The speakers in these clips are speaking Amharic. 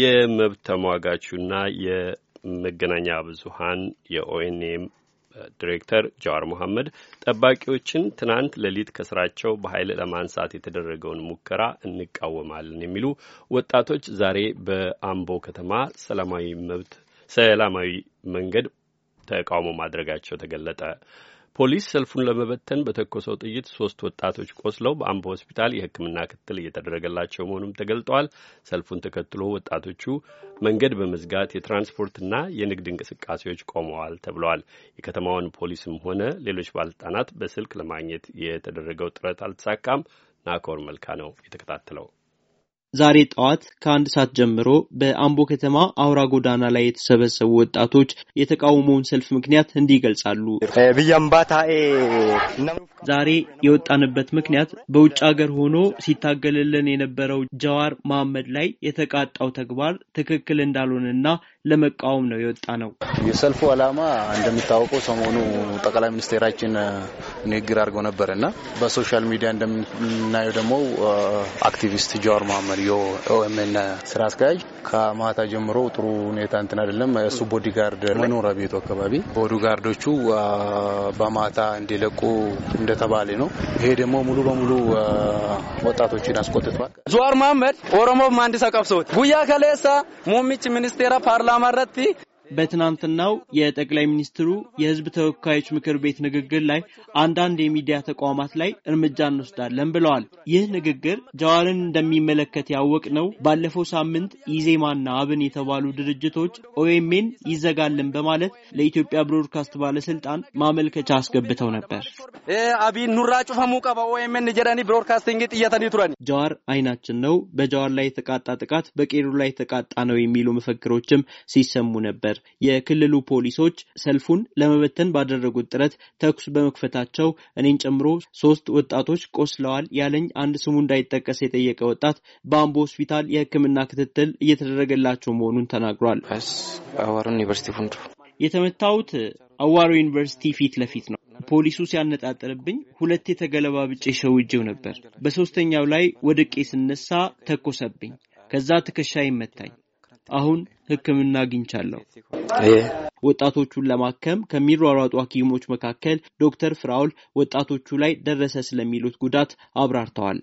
የመብት ተሟጋቹና የመገናኛ ብዙሀን የኦኤንኤም ዲሬክተር ጃዋር መሐመድ ጠባቂዎችን ትናንት ሌሊት ከስራቸው በኃይል ለማንሳት የተደረገውን ሙከራ እንቃወማለን የሚሉ ወጣቶች ዛሬ በአምቦ ከተማ ሰላማዊ መብት ሰላማዊ መንገድ ተቃውሞ ማድረጋቸው ተገለጠ። ፖሊስ ሰልፉን ለመበተን በተኮሰው ጥይት ሶስት ወጣቶች ቆስለው በአምቦ ሆስፒታል የሕክምና ክትትል እየተደረገላቸው መሆኑም ተገልጠዋል። ሰልፉን ተከትሎ ወጣቶቹ መንገድ በመዝጋት የትራንስፖርትና የንግድ እንቅስቃሴዎች ቆመዋል ተብለዋል። የከተማውን ፖሊስም ሆነ ሌሎች ባለስልጣናት በስልክ ለማግኘት የተደረገው ጥረት አልተሳካም። ናኮር መልካ ነው የተከታተለው። ዛሬ ጠዋት ከአንድ ሰዓት ጀምሮ በአምቦ ከተማ አውራ ጎዳና ላይ የተሰበሰቡ ወጣቶች የተቃውሞውን ሰልፍ ምክንያት እንዲህ ይገልጻሉ። ዛሬ የወጣንበት ምክንያት በውጭ ሀገር ሆኖ ሲታገልልን የነበረው ጀዋር መሐመድ ላይ የተቃጣው ተግባር ትክክል እንዳልሆነና ለመቃወም ነው የወጣ ነው። የሰልፉ ዓላማ እንደሚታወቀው ሰሞኑ ጠቅላይ ሚኒስቴራችን ንግግር አድርገው ነበር እና በሶሻል ሚዲያ እንደምናየው ደግሞ አክቲቪስት ጀዋር መሐመድ የአብዮ ኦኤምኤን ስራ አስኪያጅ ከማታ ጀምሮ ጥሩ ሁኔታ እንትን አይደለም። እሱ ቦዲጋርድ መኖሪያ ቤቱ አካባቢ ቦዲጋርዶቹ በማታ እንዲለቁ እንደተባለ ነው። ይሄ ደግሞ ሙሉ በሙሉ ወጣቶችን አስቆጥቷል። ዙዋር መሀመድ ኦሮሞ ማንዲሳ ቀብሶት ጉያ ከሌሳ ሙሚች ሚኒስቴራ ፓርላማ ረቲ በትናንትናው የጠቅላይ ሚኒስትሩ የህዝብ ተወካዮች ምክር ቤት ንግግር ላይ አንዳንድ የሚዲያ ተቋማት ላይ እርምጃ እንወስዳለን ብለዋል። ይህ ንግግር ጀዋርን እንደሚመለከት ያወቅ ነው ባለፈው ሳምንት ኢዜማና አብን የተባሉ ድርጅቶች ኦኤምኤን ይዘጋልን በማለት ለኢትዮጵያ ብሮድካስት ባለስልጣን ማመልከቻ አስገብተው ነበር። አቢ ኑራ ጩፈሙ ቀባ ኦኤምኤን ብሮድካስቲንግ ጥየተኒ ቱረኒ ጀዋር አይናችን ነው፣ በጀዋር ላይ የተቃጣ ጥቃት በቄሩ ላይ የተቃጣ ነው የሚሉ መፈክሮችም ሲሰሙ ነበር። የክልሉ ፖሊሶች ሰልፉን ለመበተን ባደረጉት ጥረት ተኩስ በመክፈታቸው እኔን ጨምሮ ሶስት ወጣቶች ቆስለዋል ያለኝ አንድ ስሙ እንዳይጠቀስ የጠየቀ ወጣት በአምቦ ሆስፒታል የሕክምና ክትትል እየተደረገላቸው መሆኑን ተናግሯል። አዋሮ የተመታሁት አዋሮ ዩኒቨርሲቲ ፊት ለፊት ነው። ፖሊሱ ሲያነጣጥርብኝ ሁለቴ ተገለባብጬ ሸውጄው ነበር። በሶስተኛው ላይ ወድቄ ስነሳ ተኮሰብኝ። ከዛ ትከሻ ይመታኝ አሁን ሕክምና አግኝቻለሁ። ወጣቶቹን ለማከም ከሚሯሯጡ ሐኪሞች መካከል ዶክተር ፍራውል ወጣቶቹ ላይ ደረሰ ስለሚሉት ጉዳት አብራርተዋል።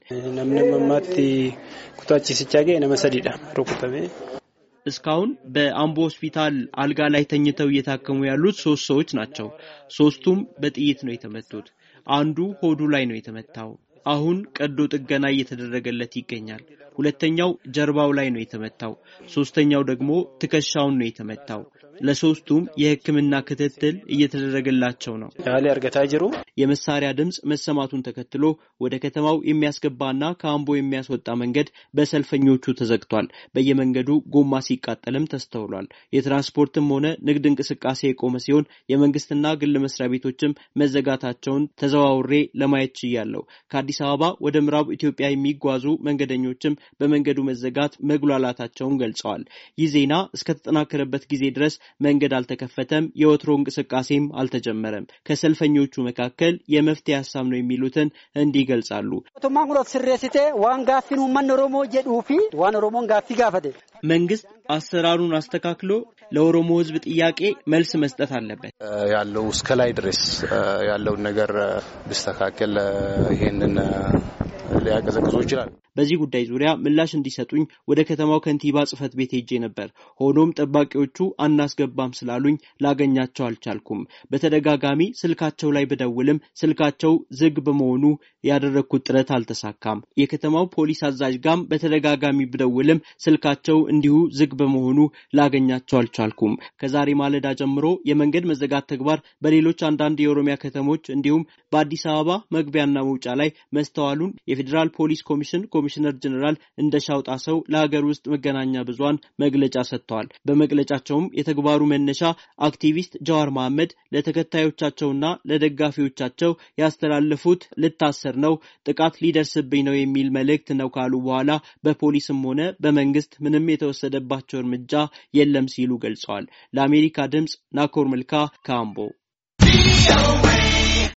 እስካሁን በአምቦ ሆስፒታል አልጋ ላይ ተኝተው እየታከሙ ያሉት ሶስት ሰዎች ናቸው። ሶስቱም በጥይት ነው የተመቱት። አንዱ ሆዱ ላይ ነው የተመታው። አሁን ቀዶ ጥገና እየተደረገለት ይገኛል። ሁለተኛው ጀርባው ላይ ነው የተመታው። ሶስተኛው ደግሞ ትከሻውን ነው የተመታው። ለሶስቱም የሕክምና ክትትል እየተደረገላቸው ነው። የመሳሪያ ድምፅ መሰማቱን ተከትሎ ወደ ከተማው የሚያስገባና ከአምቦ የሚያስወጣ መንገድ በሰልፈኞቹ ተዘግቷል። በየመንገዱ ጎማ ሲቃጠልም ተስተውሏል። የትራንስፖርትም ሆነ ንግድ እንቅስቃሴ የቆመ ሲሆን የመንግስትና ግል መስሪያ ቤቶችም መዘጋታቸውን ተዘዋውሬ ለማየት ችያለሁ። ከአዲስ አበባ ወደ ምዕራብ ኢትዮጵያ የሚጓዙ መንገደኞችም በመንገዱ መዘጋት መጉላላታቸውን ገልጸዋል። ይህ ዜና እስከተጠናከረበት ጊዜ ድረስ መንገድ አልተከፈተም፣ የወትሮ እንቅስቃሴም አልተጀመረም። ከሰልፈኞቹ መካከል የመፍትሄ ሀሳብ ነው የሚሉትን እንዲህ ይገልጻሉ። መንግስት አሰራሩን አስተካክሎ ለኦሮሞ ህዝብ ጥያቄ መልስ መስጠት አለበት። ያለው እስከ ላይ ድረስ ያለውን ነገር ብስተካከል ይሄንን ሊያቀዘቅዞ ይችላል። በዚህ ጉዳይ ዙሪያ ምላሽ እንዲሰጡኝ ወደ ከተማው ከንቲባ ጽህፈት ቤት ሄጄ ነበር። ሆኖም ጠባቂዎቹ አናስገባም ስላሉኝ ላገኛቸው አልቻልኩም። በተደጋጋሚ ስልካቸው ላይ ብደውልም ስልካቸው ዝግ በመሆኑ ያደረግኩት ጥረት አልተሳካም። የከተማው ፖሊስ አዛዥ ጋም በተደጋጋሚ ብደውልም ስልካቸው እንዲሁ ዝግ በመሆኑ ላገኛቸው አልቻልኩም። ከዛሬ ማለዳ ጀምሮ የመንገድ መዘጋት ተግባር በሌሎች አንዳንድ የኦሮሚያ ከተሞች እንዲሁም በአዲስ አበባ መግቢያና መውጫ ላይ መስተዋሉን የፌዴራል ፖሊስ ኮሚሽን ኮሚሽነር ጀኔራል እንደሻው ጣሰው ለሀገር ውስጥ መገናኛ ብዙሃን መግለጫ ሰጥተዋል። በመግለጫቸውም የተግባሩ መነሻ አክቲቪስት ጀዋር መሐመድ ለተከታዮቻቸውና ለደጋፊዎቻቸው ያስተላለፉት ልታሰር ነው፣ ጥቃት ሊደርስብኝ ነው የሚል መልእክት ነው ካሉ በኋላ በፖሊስም ሆነ በመንግስት ምንም የተወሰደባቸው እርምጃ የለም ሲሉ ገልጸዋል። ለአሜሪካ ድምፅ ናኮር መልካ ካምቦ